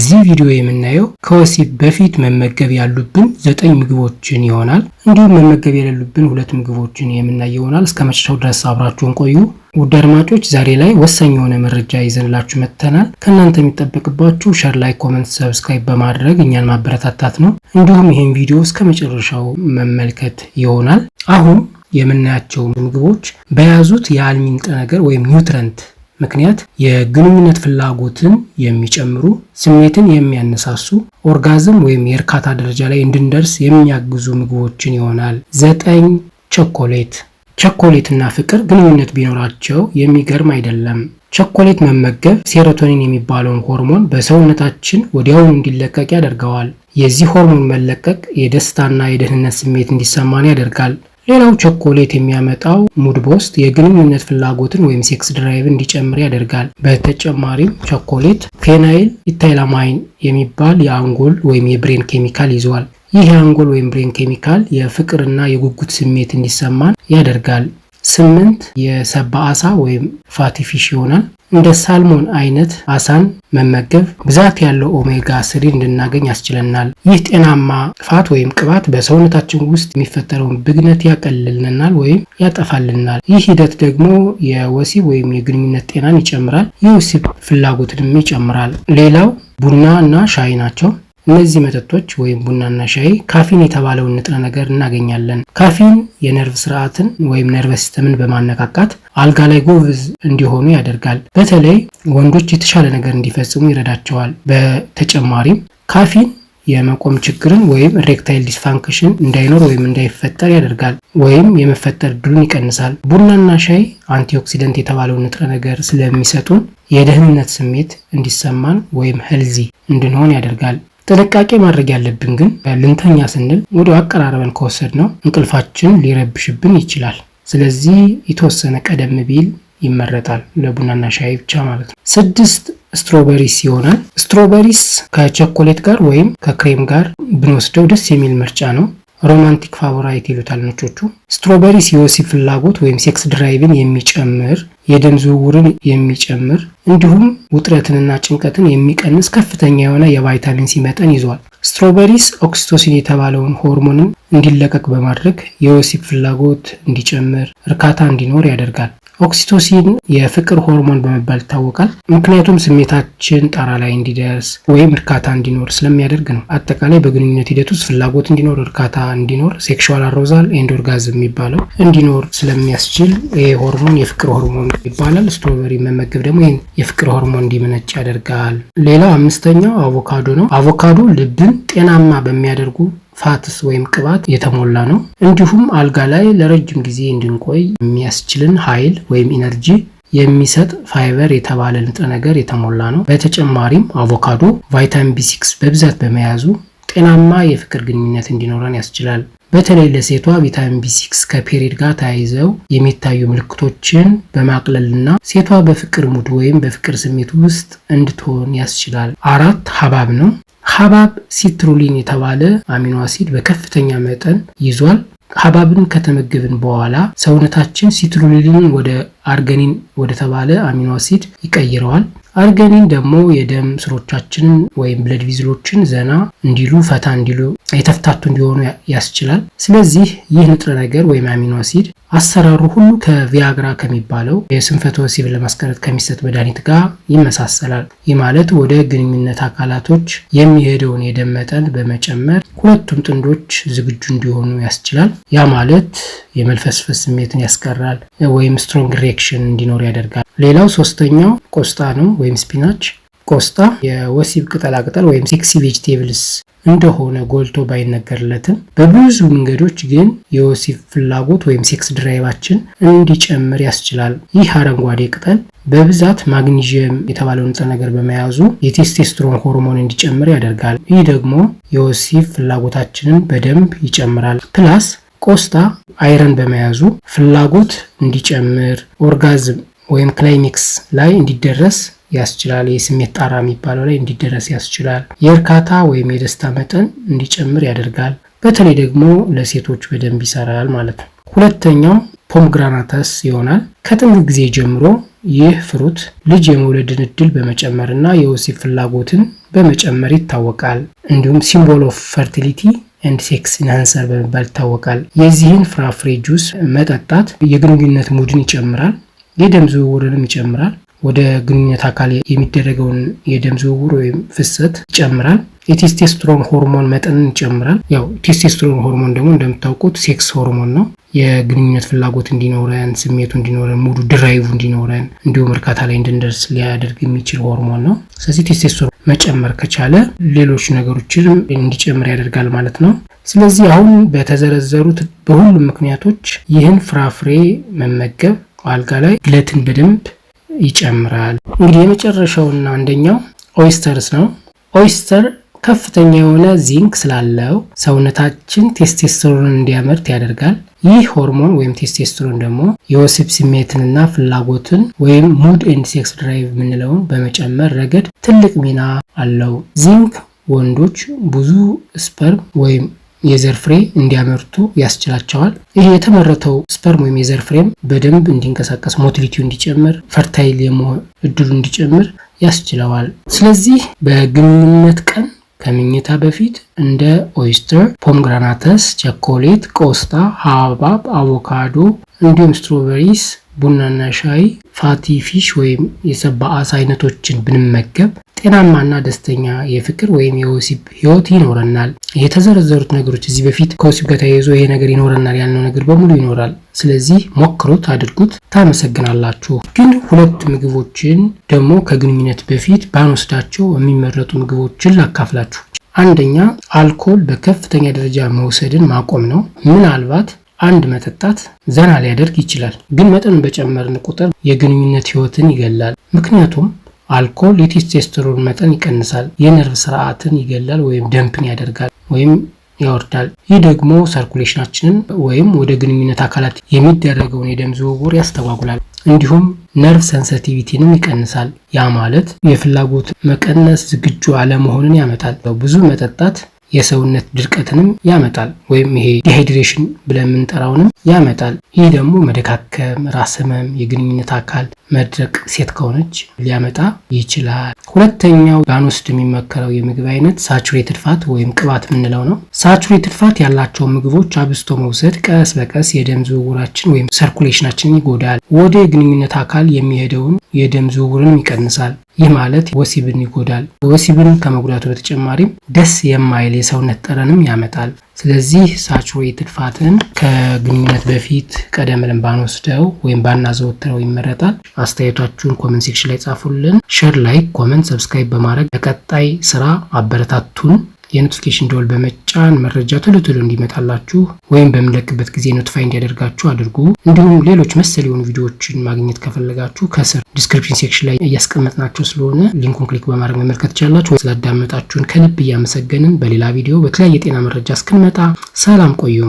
በዚህ ቪዲዮ የምናየው ከወሲብ በፊት መመገብ ያሉብን ዘጠኝ ምግቦችን ይሆናል። እንዲሁም መመገብ የሌሉብን ሁለት ምግቦችን የምናየው ይሆናል። እስከ መጨረሻው ድረስ አብራችሁን ቆዩ። ውድ አድማጮች ዛሬ ላይ ወሳኝ የሆነ መረጃ ይዘንላችሁ መጥተናል። ከእናንተ የሚጠበቅባችሁ ሸር፣ ላይ ኮመንት፣ ሰብስክራይብ በማድረግ እኛን ማበረታታት ነው። እንዲሁም ይህን ቪዲዮ እስከ መጨረሻው መመልከት ይሆናል። አሁን የምናያቸው ምግቦች በያዙት የአልሚ ንጥረ ነገር ወይም ኒውትረንት ምክንያት የግንኙነት ፍላጎትን የሚጨምሩ ስሜትን የሚያነሳሱ ኦርጋዝም ወይም የእርካታ ደረጃ ላይ እንድንደርስ የሚያግዙ ምግቦችን ይሆናል። ዘጠኝ ቸኮሌት። ቸኮሌትና ፍቅር ግንኙነት ቢኖራቸው የሚገርም አይደለም። ቸኮሌት መመገብ ሴሮቶኒን የሚባለውን ሆርሞን በሰውነታችን ወዲያውኑ እንዲለቀቅ ያደርገዋል። የዚህ ሆርሞን መለቀቅ የደስታና የደህንነት ስሜት እንዲሰማን ያደርጋል። ሌላው ቾኮሌት የሚያመጣው ሙድ ቦስት የግንኙነት ፍላጎትን ወይም ሴክስ ድራይቭ እንዲጨምር ያደርጋል። በተጨማሪም ቾኮሌት ፌናይል ኢታይላማይን የሚባል የአንጎል ወይም የብሬን ኬሚካል ይዟል። ይህ የአንጎል ወይም ብሬን ኬሚካል የፍቅርና የጉጉት ስሜት እንዲሰማን ያደርጋል። ስምንት የሰባ አሳ ወይም ፋቲፊሽ ይሆናል። እንደ ሳልሞን አይነት አሳን መመገብ ብዛት ያለው ኦሜጋ ስሪ እንድናገኝ ያስችለናል። ይህ ጤናማ ጥፋት ወይም ቅባት በሰውነታችን ውስጥ የሚፈጠረውን ብግነት ያቀልልናል ወይም ያጠፋልናል። ይህ ሂደት ደግሞ የወሲብ ወይም የግንኙነት ጤናን ይጨምራል፣ የወሲብ ፍላጎትንም ይጨምራል። ሌላው ቡና እና ሻይ ናቸው። እነዚህ መጠጦች ወይም ቡናና ሻይ ካፊን የተባለውን ንጥረ ነገር እናገኛለን። ካፊን የነርቭ ስርዓትን ወይም ነርቭ ሲስተምን በማነቃቃት አልጋ ላይ ጎብዝ እንዲሆኑ ያደርጋል። በተለይ ወንዶች የተሻለ ነገር እንዲፈጽሙ ይረዳቸዋል። በተጨማሪም ካፊን የመቆም ችግርን ወይም ሬክታይል ዲስፋንክሽን እንዳይኖር ወይም እንዳይፈጠር ያደርጋል ወይም የመፈጠር እድሉን ይቀንሳል። ቡናና ሻይ አንቲኦክሲደንት የተባለውን ንጥረ ነገር ስለሚሰጡን የደህንነት ስሜት እንዲሰማን ወይም ሄልዚ እንድንሆን ያደርጋል። ጥንቃቄ ማድረግ ያለብን ግን ልንተኛ ስንል ወደ አቀራረበን ከወሰድ ነው እንቅልፋችን ሊረብሽብን ይችላል። ስለዚህ የተወሰነ ቀደም ቢል ይመረጣል፣ ለቡናና ሻይ ብቻ ማለት ነው። ስድስት ስትሮበሪስ ይሆናል። ስትሮበሪስ ከቸኮሌት ጋር ወይም ከክሬም ጋር ብንወስደው ደስ የሚል ምርጫ ነው። ሮማንቲክ ፋቮራይት ይሉታል ነጮቹ። ስትሮበሪ የወሲብ ፍላጎት ወይም ሴክስ ድራይቭን የሚጨምር የደም ዝውውርን የሚጨምር እንዲሁም ውጥረትንና ጭንቀትን የሚቀንስ ከፍተኛ የሆነ የቫይታሚን ሲ መጠን ይዟል። ስትሮበሪስ ኦክሲቶሲን የተባለውን ሆርሞንን እንዲለቀቅ በማድረግ የወሲብ ፍላጎት እንዲጨምር፣ እርካታ እንዲኖር ያደርጋል። ኦክሲቶሲን የፍቅር ሆርሞን በመባል ይታወቃል። ምክንያቱም ስሜታችን ጣራ ላይ እንዲደርስ ወይም እርካታ እንዲኖር ስለሚያደርግ ነው። አጠቃላይ በግንኙነት ሂደት ውስጥ ፍላጎት እንዲኖር፣ እርካታ እንዲኖር፣ ሴክሹዋል አሮዛል ኤንድ ኦርጋዝም የሚባለው እንዲኖር ስለሚያስችል ይህ ሆርሞን የፍቅር ሆርሞን ይባላል። ስትሮበሪ መመገብ ደግሞ ይህን የፍቅር ሆርሞን እንዲመነጭ ያደርጋል። ሌላው አምስተኛው አቮካዶ ነው። አቮካዶ ልብን ጤናማ በሚያደርጉ ፋትስ ወይም ቅባት የተሞላ ነው። እንዲሁም አልጋ ላይ ለረጅም ጊዜ እንድንቆይ የሚያስችልን ኃይል ወይም ኢነርጂ የሚሰጥ ፋይበር የተባለ ንጥረ ነገር የተሞላ ነው። በተጨማሪም አቮካዶ ቫይታሚን ቢ በብዛት በመያዙ ጤናማ የፍቅር ግንኙነት እንዲኖረን ያስችላል። በተለይ ለሴቷ ቪታሚን ቢ6 ከፔሪድ ጋር ተያይዘው የሚታዩ ምልክቶችን በማቅለልና ሴቷ በፍቅር ሙድ ወይም በፍቅር ስሜት ውስጥ እንድትሆን ያስችላል። አራት ሀባብ ነው። ሀባብ ሲትሩሊን የተባለ አሚኖ አሲድ በከፍተኛ መጠን ይዟል። ሀባብን ከተመገብን በኋላ ሰውነታችን ሲትሩሊን ወደ አርገኒን ወደተባለ አሚኖ አሲድ ይቀይረዋል። አርገኒን ደግሞ የደም ስሮቻችንን ወይም ብለድ ቪዝሎችን ዘና እንዲሉ ፈታ እንዲሉ የተፍታቱ እንዲሆኑ ያስችላል። ስለዚህ ይህ ንጥረ ነገር ወይም አሚኖ አሲድ አሰራሩ ሁሉ ከቪያግራ ከሚባለው የስንፈተ ወሲብ ለማስቀረት ከሚሰጥ መድኃኒት ጋር ይመሳሰላል። ይህ ማለት ወደ ግንኙነት አካላቶች የሚሄደውን የደም መጠን በመጨመር ሁለቱም ጥንዶች ዝግጁ እንዲሆኑ ያስችላል። ያ ማለት የመልፈስፈስ ስሜትን ያስቀራል ወይም ስትሮንግ ሪክሽን እንዲኖር ያደርጋል። ሌላው ሶስተኛው ቆስጣ ነው ወይም ስፒናች። ቆስጣ የወሲብ ቅጠላቅጠል ወይም ሴክሲ ቬጅቴብልስ እንደሆነ ጎልቶ ባይነገርለትም በብዙ መንገዶች ግን የወሲብ ፍላጎት ወይም ሴክስ ድራይቫችን እንዲጨምር ያስችላል። ይህ አረንጓዴ ቅጠል በብዛት ማግኒዥየም የተባለው ንጥረ ነገር በመያዙ የቴስቴስትሮን ሆርሞን እንዲጨምር ያደርጋል። ይህ ደግሞ የወሲብ ፍላጎታችንን በደንብ ይጨምራል። ፕላስ ቆስጣ አይረን በመያዙ ፍላጎት እንዲጨምር ኦርጋዝም ወይም ክላይሜክስ ላይ እንዲደረስ ያስችላል። የስሜት ጣራ የሚባለው ላይ እንዲደረስ ያስችላል። የእርካታ ወይም የደስታ መጠን እንዲጨምር ያደርጋል። በተለይ ደግሞ ለሴቶች በደንብ ይሰራል ማለት ነው። ሁለተኛው ፖምግራናተስ ይሆናል። ከጥንት ጊዜ ጀምሮ ይህ ፍሩት ልጅ የመውለድን እድል በመጨመር እና የወሲብ ፍላጎትን በመጨመር ይታወቃል። እንዲሁም ሲምቦል ኦፍ ፈርቲሊቲ ኤንድ ሴክስ ኢንሃንሰር በመባል ይታወቃል። የዚህን ፍራፍሬ ጁስ መጠጣት የግንኙነት ሙድን ይጨምራል። የደም ዝውውርንም ይጨምራል። ወደ ግንኙነት አካል የሚደረገውን የደም ዝውውር ወይም ፍሰት ይጨምራል። የቴስቴስትሮን ሆርሞን መጠንን ይጨምራል። ያው ቴስቴስትሮን ሆርሞን ደግሞ እንደምታውቁት ሴክስ ሆርሞን ነው። የግንኙነት ፍላጎት እንዲኖረን፣ ስሜቱ እንዲኖረን፣ ሙዱ ድራይቭ እንዲኖረን እንዲሁም እርካታ ላይ እንድንደርስ ሊያደርግ የሚችል ሆርሞን ነው። ስለዚህ ቴስቴስትሮን መጨመር ከቻለ ሌሎች ነገሮችን እንዲጨምር ያደርጋል ማለት ነው። ስለዚህ አሁን በተዘረዘሩት በሁሉም ምክንያቶች ይህን ፍራፍሬ መመገብ አልጋ ላይ ግለትን በደንብ ይጨምራል። እንግዲህ የመጨረሻውና አንደኛው ኦይስተርስ ነው። ኦይስተር ከፍተኛ የሆነ ዚንክ ስላለው ሰውነታችን ቴስቴስትሮን እንዲያመርት ያደርጋል። ይህ ሆርሞን ወይም ቴስቴስትሮን ደግሞ የወሲብ ስሜትንና ፍላጎትን ወይም ሙድ ኤንድ ሴክስ ድራይቭ የምንለውን በመጨመር ረገድ ትልቅ ሚና አለው። ዚንክ ወንዶች ብዙ ስፐርም ወይም የዘር ፍሬ እንዲያመርቱ ያስችላቸዋል። ይህ የተመረተው ስፐርም ወይም የዘር ፍሬም በደንብ እንዲንቀሳቀስ፣ ሞቲሊቲው እንዲጨምር፣ ፈርታይል የመሆን እድሉ እንዲጨምር ያስችለዋል። ስለዚህ በግንኙነት ቀን ከምኝታ በፊት እንደ ኦይስተር፣ ፖምግራናተስ፣ ቸኮሌት፣ ቆስጣ፣ ሀባብ፣ አቮካዶ እንዲሁም ስትሮበሪስ ቡናና ሻይ ፋቲ ፊሽ ወይም የሰባ አሳ አይነቶችን ብንመገብ ጤናማና ደስተኛ የፍቅር ወይም የወሲብ ህይወት ይኖረናል። የተዘረዘሩት ነገሮች እዚህ በፊት ከወሲብ ጋር ተያይዞ ይሄ ነገር ይኖረናል ያልነው ነገር በሙሉ ይኖራል። ስለዚህ ሞክሩት፣ አድርጉት፣ ታመሰግናላችሁ። ግን ሁለት ምግቦችን ደግሞ ከግንኙነት በፊት ባንወስዳቸው የሚመረጡ ምግቦችን ላካፍላችሁ። አንደኛ አልኮል በከፍተኛ ደረጃ መውሰድን ማቆም ነው። ምናልባት አንድ መጠጣት ዘና ሊያደርግ ይችላል፣ ግን መጠኑን በጨመርን ቁጥር የግንኙነት ህይወትን ይገላል። ምክንያቱም አልኮል የቴስቴስትሮን መጠን ይቀንሳል፣ የነርቭ ስርዓትን ይገላል ወይም ደምፕን ያደርጋል ወይም ያወርዳል። ይህ ደግሞ ሰርኩሌሽናችንን ወይም ወደ ግንኙነት አካላት የሚደረገውን የደም ዝውውር ያስተጓጉላል። እንዲሁም ነርቭ ሰንሰቲቪቲንም ይቀንሳል። ያ ማለት የፍላጎት መቀነስ፣ ዝግጁ አለመሆንን ያመጣል። ብዙ መጠጣት የሰውነት ድርቀትንም ያመጣል፣ ወይም ይሄ ዲሃይድሬሽን ብለን የምንጠራውንም ያመጣል። ይህ ደግሞ መደካከም፣ ራስ ህመም፣ የግንኙነት አካል መድረቅ ሴት ከሆነች ሊያመጣ ይችላል። ሁለተኛው ባንወስድ የሚመከረው የምግብ አይነት ሳቹሬትድ ፋት ወይም ቅባት የምንለው ነው። ሳቹሬትድ ፋት ያላቸው ምግቦች አብስቶ መውሰድ ቀስ በቀስ የደም ዝውውራችን ወይም ሰርኩሌሽናችን ይጎዳል። ወደ የግንኙነት አካል የሚሄደውን የደም ዝውውርንም ይቀንሳል። ይህ ማለት ወሲብን ይጎዳል። ወሲብን ከመጉዳቱ በተጨማሪም ደስ የማይል የሰውነት ጠረንም ያመጣል። ስለዚህ ሳቹሬትድ ፋትን ከግንኙነት በፊት ቀደም ብለን ባንወስደው ወይም ባናዘወትረው ይመረጣል። አስተያየታችሁን ኮመንት ሴክሽን ላይ ጻፉልን። ሸር፣ ላይክ፣ ኮመንት፣ ሰብስክራይብ በማድረግ ለቀጣይ ስራ አበረታቱን። የኖቲፊኬሽን ደወል በመጫን መረጃ ቶሎ ቶሎ እንዲመጣላችሁ ወይም በምንለቅበት ጊዜ ኖቲፋይ እንዲያደርጋችሁ አድርጉ። እንዲሁም ሌሎች መሰል የሆኑ ቪዲዮዎችን ማግኘት ከፈለጋችሁ ከስር ዲስክሪፕሽን ሴክሽን ላይ እያስቀመጥናቸው ስለሆነ ሊንኩን ክሊክ በማድረግ መመልከት ትችላላችሁ። ስላዳመጣችሁን ከልብ እያመሰገንን በሌላ ቪዲዮ በተለያየ የጤና መረጃ እስክንመጣ ሰላም ቆየው።